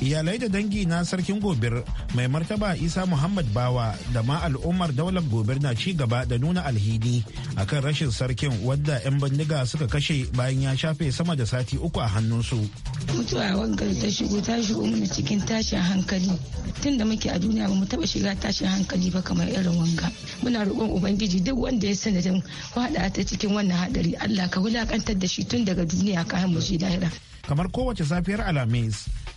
iyalai da dangi na sarkin gobir mai martaba isa muhammad bawa da ma al'ummar daular gobir na ci gaba da nuna alhidi akan rashin sarkin wadda 'yan bindiga suka kashe bayan ya shafe sama da sati uku a hannunsu mutuwa wangar ta shigo ta shigo mana cikin tashin hankali tun da muke a duniya ba mu taba shiga tashin hankali ba kamar irin wanga muna roƙon ubangiji duk wanda ya sanadin hada ta cikin wannan hadari allah ka wulakantar da shi tun daga duniya kayan mu shi lahira. kamar kowace safiyar alhamis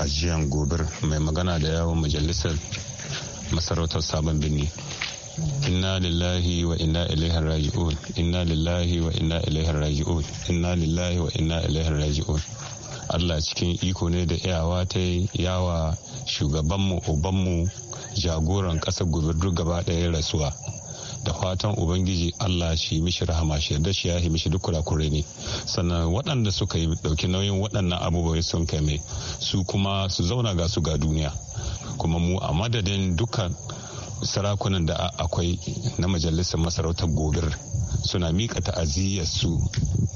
ajiyan gobir mai magana da yawon majalisar masarautar sabon birni inna lillahi wa inna ilaihi raji'un inna lillahi wa inna ilaihi raji'un inna lillahi wa inna ilaihi raji'un Allah cikin iko ne da iyawa ta yawa shugabanmu obanmu jagoran ƙasar gobe duk gaba ɗaya rasuwa da fatan ubangiji allah shi mishi rahama shi yarda shi ya yi mishi duk kurakure ne sannan waɗanda suka yi ɗauki nauyin waɗannan abubuwa sun kai mai su kuma su zauna ga su ga duniya kuma mu a madadin dukkan sarakunan da akwai na majalisar masarautar gobir suna mika su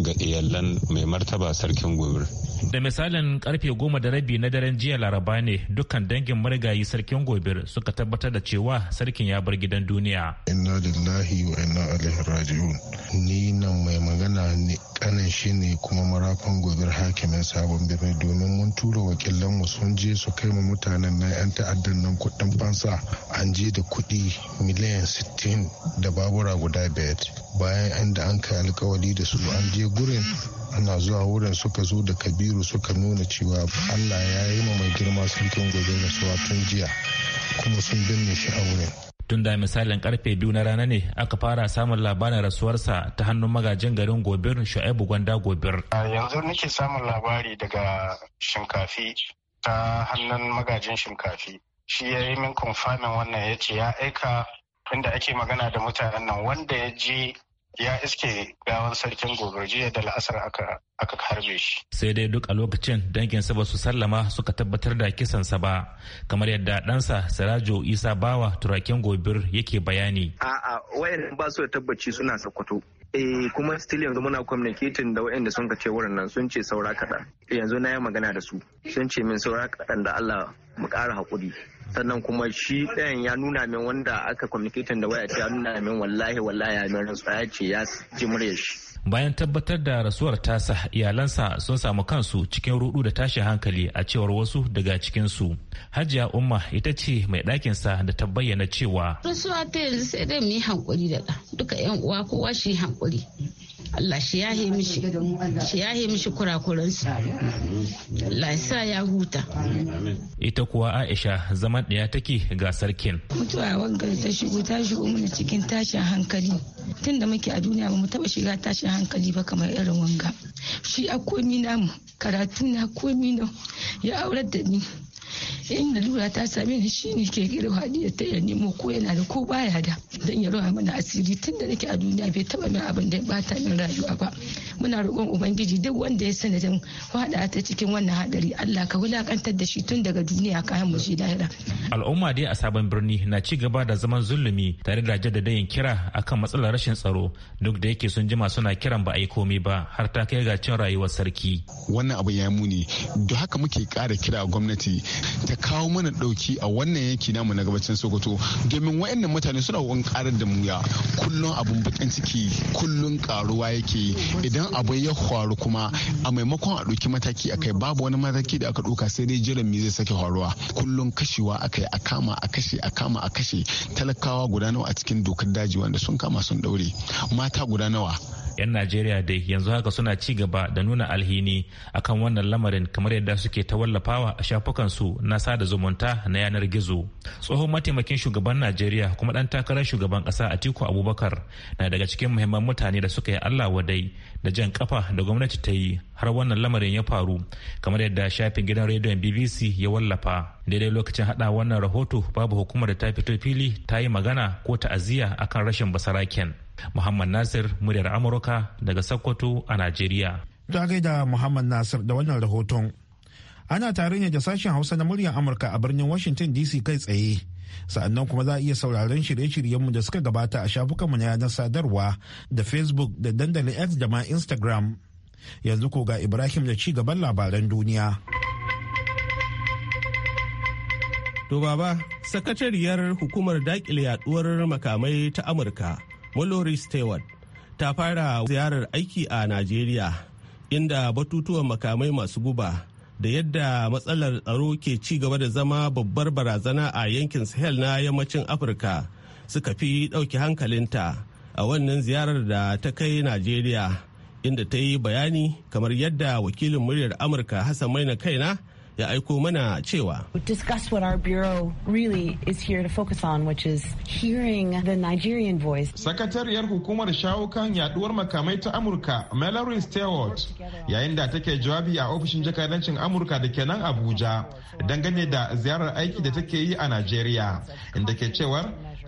ga iyalan mai martaba sarkin gobir da misalin karfe goma da rabi na daren jiya laraba ne dukkan dangin marigayi sarkin gobir suka tabbatar da cewa sarkin ya bar gidan duniya inna lillahi wa inna ilaihi raji'un ni nan mai magana ne kanin shi ne kuma marakon gobir hakimin sabon birni domin mun tura wakilan mu sun je su kai mu mutanen na yan ta'addan nan kudin fansa an je da kuɗi miliyan 60 da babura guda biyar bayan inda an kai alkawali da su an je gurin ana zuwa wurin suka zo da kabiru suka nuna cewa allah ya yi ma mai girma sarkin gobe na suwa tun jiya kuma sun binne shi a wurin tun da misalin karfe biyu na rana ne aka fara samun labarin rasuwarsa ta hannun magajin garin gobir shu'aibu gwanda gobir yanzu nake samun labari daga shinkafi ta hannun magajin shinkafi shi ya yi min kumfanin wannan ya ce ya aika inda ake magana da mutanen nan wanda ya je ya iske gawan sarkin gobe jiya da la'asar aka harbe shi. Sai dai duk a lokacin danginsa ba su sallama suka tabbatar da kisansa ba kamar yadda ɗansa Sirajo Isa Bawa turakin gobir yake bayani. A'a wayan ba su da tabbaci suna sakwato. Eh kuma still yanzu muna communicating da wayanda sun ka ce wurin nan sun ce saura kaɗan. Yanzu na yi magana da su sun ce min saura kaɗan da Allah mu ƙara haƙuri. sannan kuma shi ɗayan ya nuna min wanda aka communicating da waya ya nuna min wallahi wallahi ya min rantsuwa ya ce ya ji shi bayan tabbatar da rasuwar tasa iyalansa sun samu kansu cikin rudu da tashin hankali a cewar wasu daga cikin su hajiya umma ita ce mai ɗakin sa da ta bayyana cewa rasuwa ta yanzu sai dai mu yi hankuri da duka yan uwa kowa shi hankuri Allah shi yi mishi shi ya yi mishi kurakuransu Allah ya sa ya huta ita kuwa Aisha zaman ɗaya take ga sarkin mutuwa wanga ta shigo ta shigo mana cikin tashin hankali tun da muke a duniya ba mu taba shiga tashin hankali ba kamar irin wanga shi a komi mu karatu na komi na ya aurar da ni Eh, in lura ta same ni shi ne ke gida hadiya ta ya nemo ko yana da ko baya da dan ya rawa mana asiri tun da nake a duniya bai taba min abin da ya bata min rayuwa ba muna roƙon ubangiji duk wanda ya sanadin hada ta cikin wannan hadari Allah ka wulakantar da shi tun daga duniya kayan mu shi lahira al'umma dai a sabon birni na ci gaba da zaman zulumi tare da jaddadayin kira akan matsalar rashin tsaro duk da yake sun jima suna kiran ba a yi komai ba har ta kai ga cin rayuwar sarki wannan abu ya muni da haka muke kara kira gwamnati ta kawo mana dauki a wannan yanki namu na gabacin sokoto domin wayannan mutane suna wani karar da muya kullun abun bakin ciki kullun karuwa yake idan abu ya faru kuma a maimakon a dauki mataki akai babu wani mataki da aka dauka sai dai jiran zai sake faruwa kullun kashewa akai a kama a kashe a kama a kashe talakawa guda nawa a cikin dokar daji wanda sun kama sun daure mata guda nawa 'yan najeriya dai yanzu haka suna ci gaba da nuna alhini akan wannan lamarin kamar yadda suke ta wallafawa a shafukansu na sada zumunta na yanar gizo tsohon mataimakin shugaban najeriya kuma dan takarar shugaban kasa atiku abubakar na daga cikin muhimman mutane da suka yi allah wadai da jan kafa da gwamnati ta yi har wannan lamarin ya faru kamar yadda shafin gidan rediyon bbc ya wallafa daidai lokacin hada wannan rahoto babu hukumar da ta fito fili ta yi magana ko ta'aziyya akan rashin basaraken muhammad nasir muryar amurka daga sokoto a najeriya da muhammad nasir da wannan rahoton ana tare ne da sashen hausa na muryar amurka a birnin washington dc kai tsaye sa'annan kuma za a iya sauraron shirye-shiryenmu da suka gabata a shafukanmu na yanar sadarwa da facebook da dandalin x da ma instagram yanzu ko ga ibrahim da ci gaban labaran duniya to baba sakatariyar hukumar dakile yaduwar makamai ta amurka mallory stewart ta fara ziyarar aiki a najeriya inda batutuwan makamai masu guba da yadda matsalar tsaro ke ci gaba da zama babbar barazana a yankin sahel na yammacin afirka suka fi ɗauki hankalinta a wannan ziyarar da ta kai najeriya inda ta yi bayani kamar yadda wakilin muryar amurka hassan maina kaina ya aiko mana cewa discuss what our is here focus on which is the Nigerian voice sakatariyar hukumar shawo kan yaduwar makamai ta Amurka Mallory Stewart yayin da take jawabi a ofishin jakadancin Amurka da kenan Abuja dangane da ziyarar aiki da take yi a Najeriya inda ke cewar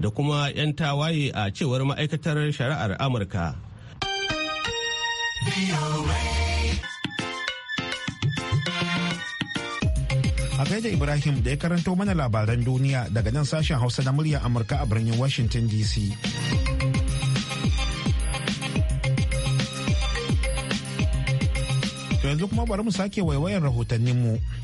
da kuma 'yan tawaye a cewar ma'aikatar shari'ar amurka a da ibrahim da ya karanto mana labaran duniya daga nan sashen hausa na murya amurka a birnin washington dc to yanzu kuma bari mu sake waiwayan rahotanninmu mu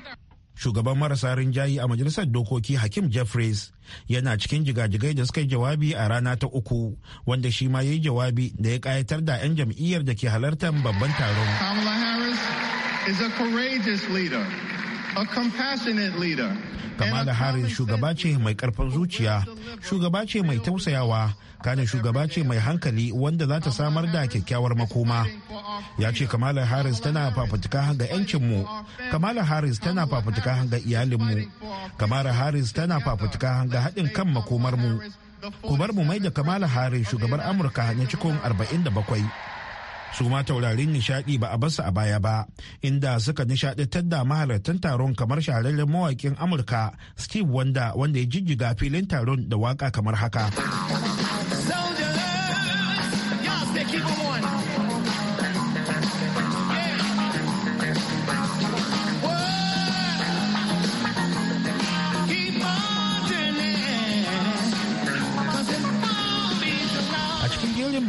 shugaban marasa rinjayi a majalisar dokoki hakim jeffries yana cikin jigajigai da suka yi jawabi a rana ta uku wanda shi ma ya yi jawabi da ya kayatar da 'yan jam'iyyar da ke halartar babban taron kamala harris shugaba ce mai karfin zuciya shugaba ce mai tausayawa kane shugaba ce mai hankali wanda za ta samar da kyakkyawar makoma ya ce kamala harris tana fafutuka ga yancinmu kamala harris tana fafutuka ga iyalinmu kamala harris tana fafutuka ga haɗin kan makomarmu ku bar mu mai da kamala harris shugabar amurka na cikin 47 su ma taurarin nishadi ba a basu a baya ba inda suka nishadantar da mahalartan taron kamar shahararren mawakin amurka steve wanda wanda ya jijjiga filin taron da waka kamar haka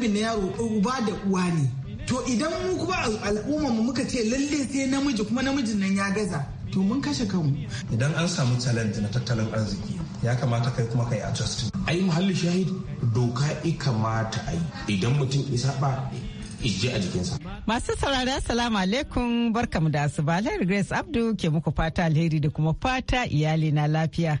rabin na yaro uba da uwa ne to idan mu kuma al'ummar mu muka ce lalle sai namiji kuma namijin nan ya gaza to mun kashe kanmu idan an samu talent na tattalin arziki ya kamata kai kuma kai adjust ai muhalli shahid doka i kamata ai idan mutum isa ba ije a jikinsa masu saurari assalamu alaikum barkamu da asuba alheri grace abdu ke muku fata alheri da kuma fata iyali na lafiya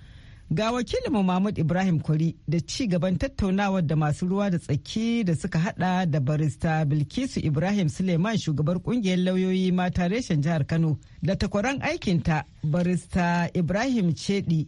Ga wakilin Mahmud Ibrahim Kwari da ci gaban tattaunawar da masu ruwa da tsaki da suka hada da barista Bilkisu Ibrahim Suleiman shugabar kungiyar lauyoyi mata reshen jihar Kano da takwaran aikinta barista Ibrahim Chedi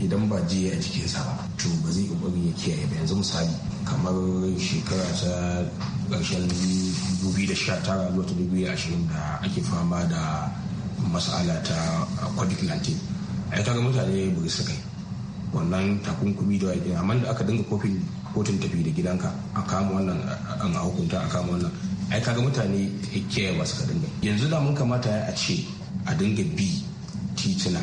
idan ba ji a jikinsa ba to ba zai kokari ya kiyaye ba yanzu misali kamar shekara ta ƙarshen 2019 zuwa ta 2020 da ake fama da mas'ala ta covid-19 ai kaga mutane ba su kai wannan takunkumi da wajen amma da aka dinga kofin kotun tafi da gidanka a kama wannan an hukunta a kama wannan ai kaga mutane kiyaye ba su ka dinga yanzu da mun kamata a ce a dinga bi titina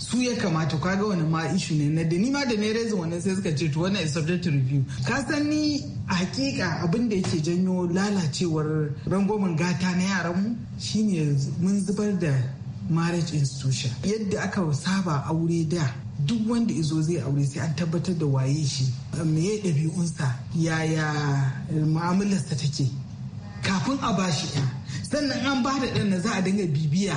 su ya kamata kaga wani ma ishu ne na da ni ma da ne reza wannan sai suka ce to wannan is subject to review ka san ni a hakika abin da yake janyo lalacewar rangwamen gata na yaran mu shine mun zubar da marriage institution yadda aka saba aure da duk wanda izo zai aure sai an tabbatar da waye shi ya ɗabi'unsa yaya mu'amalarsa take kafin a bashi ɗan sannan an ba da ɗan na za a dinga bibiya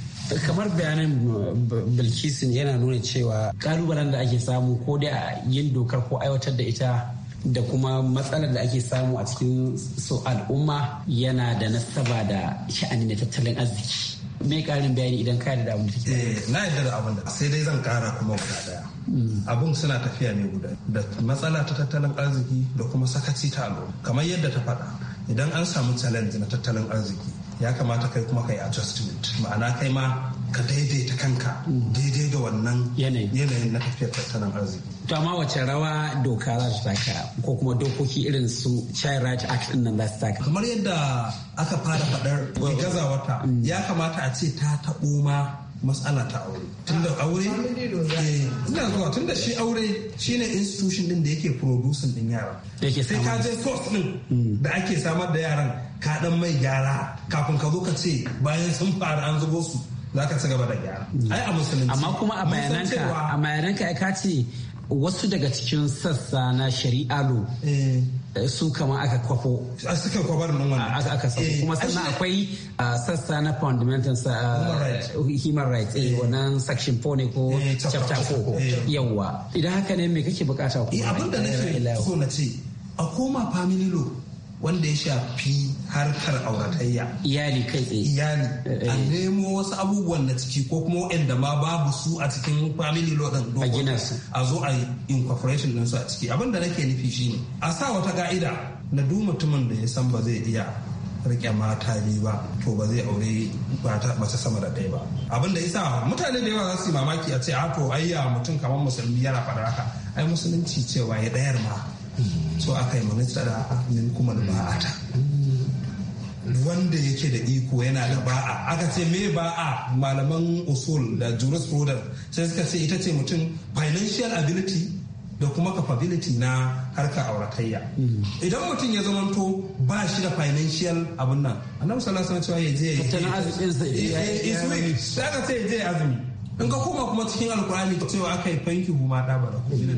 kamar bayanan eh, Bilkisu yana nuna cewa kalubalen da ake samu ko dai a yin dokar ko aiwatar da ita da kuma matsalar da ake samu a cikin su al'umma yana da nasaba da sha'ani na tattalin arziki me karin bayani idan ka da damu da eh, na yarda da abin da sai dai zan kara kuma guda daya mm. abun suna tafiya ne guda da matsala ta tattalin arziki da kuma sakaci ta al'umma kamar yadda ta faɗa idan an samu challenge na tattalin arziki ya kamata kai kuma kai adjustment ma'ana kai ma ka daidaita kanka daidai da wannan yanayin na tafiyar tattalin arziki to amma wace rawa doka za su taka ko kuma dokoki irin su child right act din nan za su taka kamar yadda aka fara faɗar gazawata mm. ya kamata a ce ta taɓo ma matsala ta aure tunda aure eh, ina zuwa tunda shi aure shine institution din da yake producing din yara sai ka je source din hmm. da ake samar da yaran ka dan mai gyara kafin ka zo ka ce bayan sun fara an zubo su za ka ci gaba da gyara hmm. ai a musulunci amma kuma a bayananka a bayananka ya ka ce wasu daga cikin sassa na shari'a lo eh. Eh, su kama aka kwafo a ah, suka kwabar nan wannan ah, aka aka sako eh, kuma sannan akwai ah, sassa na fundamental human rights eh, eh. wannan section 4 ne ko chapter 4 yawa idan haka ne me kake bukata ku abin da nake so na ce a koma family law wanda ya shafi harkar auratayya iyali kai tsaye iyali eh, a eh. nemo wasu abubuwan na ciki ko kuma waɗanda ma babu su a cikin family law din a a zo a incorporation din su a ciki abinda nake nufi shine a sa wata ka'ida na duk mutumin da ya san ba zai iya rike mata biyu ba to ba zai aure mace sama da ɗaya ba abin da yasa mutane da yawa za su yi mamaki a ce a to ayya mutum kamar musulmi yana faɗa haka ai musulunci cewa ya ɗayar ma so aka yi da min kuma da ba'ata wanda yake da iko yana da ba'a aka ce me ba'a malaman usul da jurisprudence sai suka ce ita ce mutum financial ability da kuma capability na harkar auratayya idan mutum ya zamanto ba shi da financial abin nan annabi sallallahu alaihi wasallam ya je tattalin arzikin sa ya eh, eh, eh, sai aka ce ya je azumi in ka koma kuma cikin alkurani cewa aka yi fanki huma da ba bara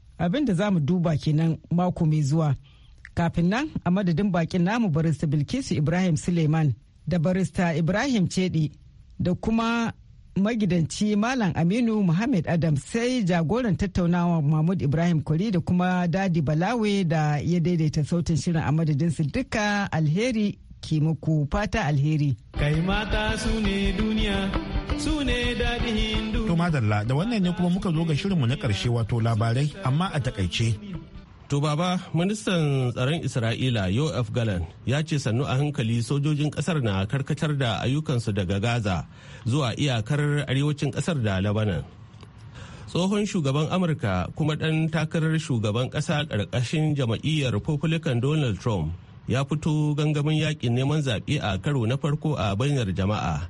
abin da za mu duba kenan mako mai zuwa kafin nan a madadin bakin namu barista bilkisu ibrahim suleiman da barista ibrahim cedi da kuma magidanci malam aminu muhammad adam sai jagoran tattaunawa mahmud ibrahim kuri da kuma dadi balawe da ya daidaita sautin shirin a madadinsu duka alheri ke muku fata alheri kai mata su ne duniya su ne daɗin hindu. To madalla da wannan ne kuma muka zo ga shirinmu na ƙarshe wato labarai amma a takaice. To baba, ministan tsaron Isra'ila Yoav Galan ya ce sannu a hankali sojojin kasar na karkatar da ayyukansu daga Gaza zuwa iyakar arewacin kasar da Lebanon. Tsohon shugaban Amurka kuma ɗan takarar shugaban ƙasa ƙarƙashin jama'iyyar Republican Donald Trump ya fito gangamin yaƙin neman zaɓe a karo na farko a banyar jama'a